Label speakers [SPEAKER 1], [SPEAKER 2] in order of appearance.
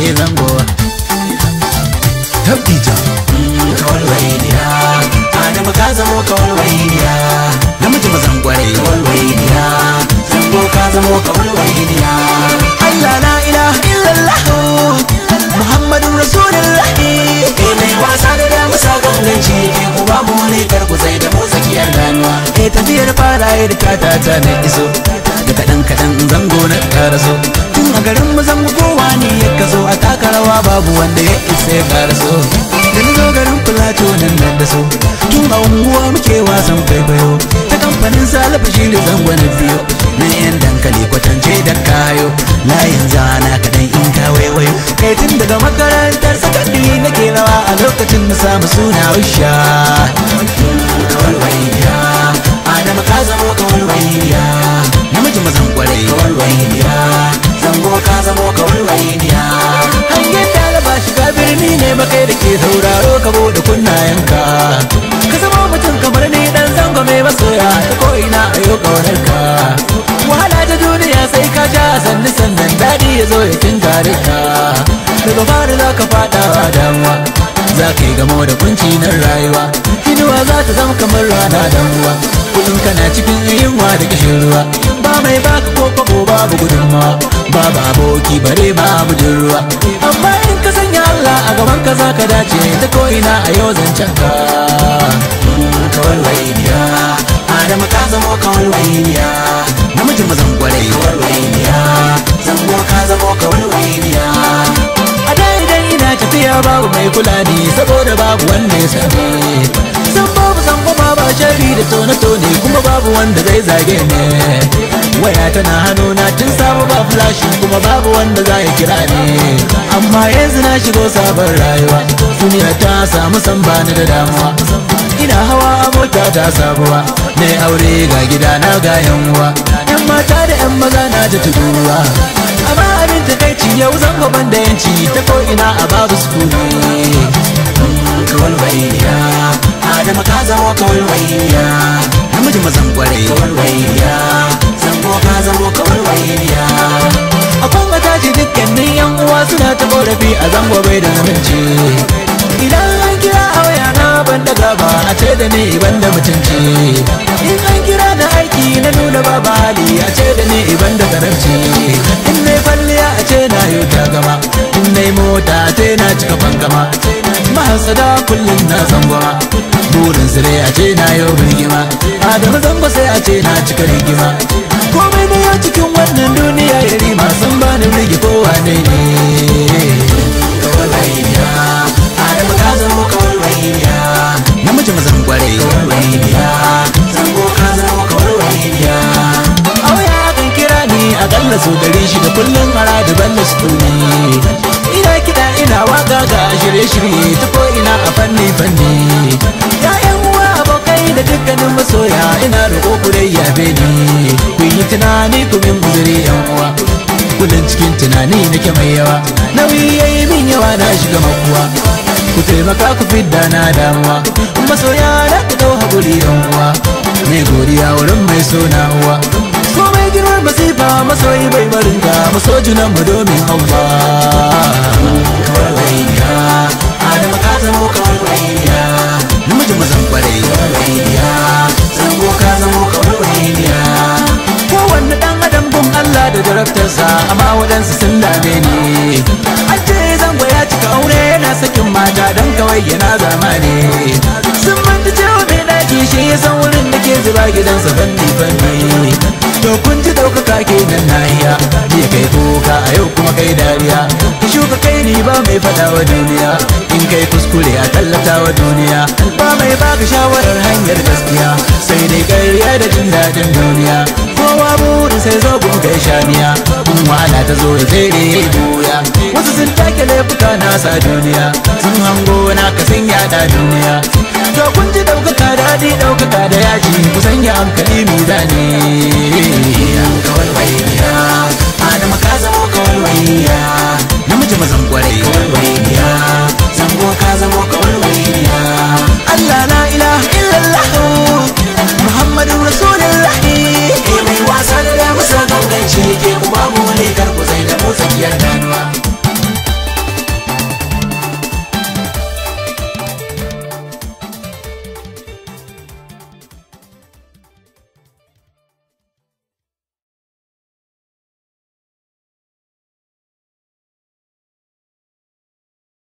[SPEAKER 1] ke zango tabdija mm, kawalwainiya adamu ka zamo kawalwainiya namiji mazan kwarai kawalwainiya zango ka zamo kawalwainiya allah na ila illallah muhammadun rasulullah ke mai wasa da damu sa ganganci ke ku babu wani karku zai da mu tsakiyar ganuwa ke tafiyar fara da ta ta na iso kaɗan zango na karaso tun a garin mu zan kowa ne ya kaso a takarawa babu wanda ya isa ya so da na zo garin filato nan nan da so tun a unguwa muke wasan kwaikwayo ta kamfanin salafa shi ne zango na biyo na yan dankali kwatance da kayo layin zana kaɗan in ka waiwayo kai tun daga makarantar na nake rawa a lokacin na samu suna usha zama ka zamo kawar wainiya namiji mazan kwarai kawar wainiya zango ka zamo kawar wainiya hangen talaba shiga birni ne bakai da ke sauraro ka bude kunnayenka ka zamo mutum kamar ni dan zango mai masoya ta koina a yau ka. wahala ta duniya sai ka ja sannu sannan daɗi ya zo ya tinkare ka daga fari za ka faɗa damuwa za ka yi gamo da kunci na rayuwa inuwa za ta zama kamar rana damuwa kullum kana cikin yunwa da kishin ruwa ba mai baka ko kwabo babu gudunmawa ba aboki bare babu jin ruwa amma in ka sanya Allah a gaban ka ka dace ta ko ina a yau zancen ka kawai wainiya Adama ka zamo kawai wainiya namijin mazan gwarai kawai wainiya zango ka zamo kawai wainiya a daidai ina tafiya babu mai kula ni saboda babu wanne sani san babu san ba shari da tone-tone kuma babu wanda zai zage ne waya tana hannu na tun sabo ba flashi kuma babu wanda za ya kira ne amma yanzu na shigo sabon rayuwa duniya ta samu samba da damuwa ina hawa mota ta sabuwa ne aure ga gida na ga uwa. yan mata da yan maza na ta tuduwa. amma abin takaici yau zan gaban da yanci ta ko ina a babu sukuni waiya namiji mazan gwarai kawar waiya zango ka zamo kawar waiya a kwanga tashi dukkanin yan uwa suna ta korafi a zango bai da aminci idan an kira a waya na ban daga ba, a ce da ni ban da mutunci in an kira na aiki na nuna babu hali a ce da ni ban da karamci in ne kwalliya a ce na yau ta gama in ne mota a ce na cika fangama mahasada kullum na zangwama burin zire a ce na yau birgima adam zango sai a ce na cika rigima komai na yau cikin wannan duniya ya rima sun bani birgi kowa ne ne namiji mazan kwarai zango ka zama kawar kira ni akalla sau dari shida kullum a radu da su ina waka ga shirye-shirye ta ko'ina a fanni-fanni ya'yan uwa abokai da dukkanin masoya ina da ku dai yabe ni ku yi tunani ku min guzuri yan uwa kullum cikin tunani nake mai yawa nauyi yayi min yawa na shiga makuwa ku taimaka ku fidda na damuwa masoya na ku dau haƙuri yan uwa mai godiya wurin mai so uwa so mai masifa masoyi bai barinka maso junan mu domin Allah warwaiya Adamu ka zamo ka mazan ka zamo Kowanne Allah da jarabtarsa amma waɗansu sun dame ni An ce zango ya cika aure yana sakin mata don kawai yana zamani Sun manta cewa mai ɗaki shi ya san wurin da ke zuba gidansa fanni fanni kansa a yau kuma kai dariya Ka shuka kai ni ba mai fada wa duniya in kai kuskure a tallata wa duniya ba mai baka shawarar hanyar gaskiya sai dai ya da jin daɗin duniya kowa buri sai zo gun kai shaniya kun wahala ta zo da jere ya buya wasu sun take laifuka nasa duniya sun hango na ka sanya yaɗa duniya to kun ji ɗaukaka daɗi ɗaukaka da yaji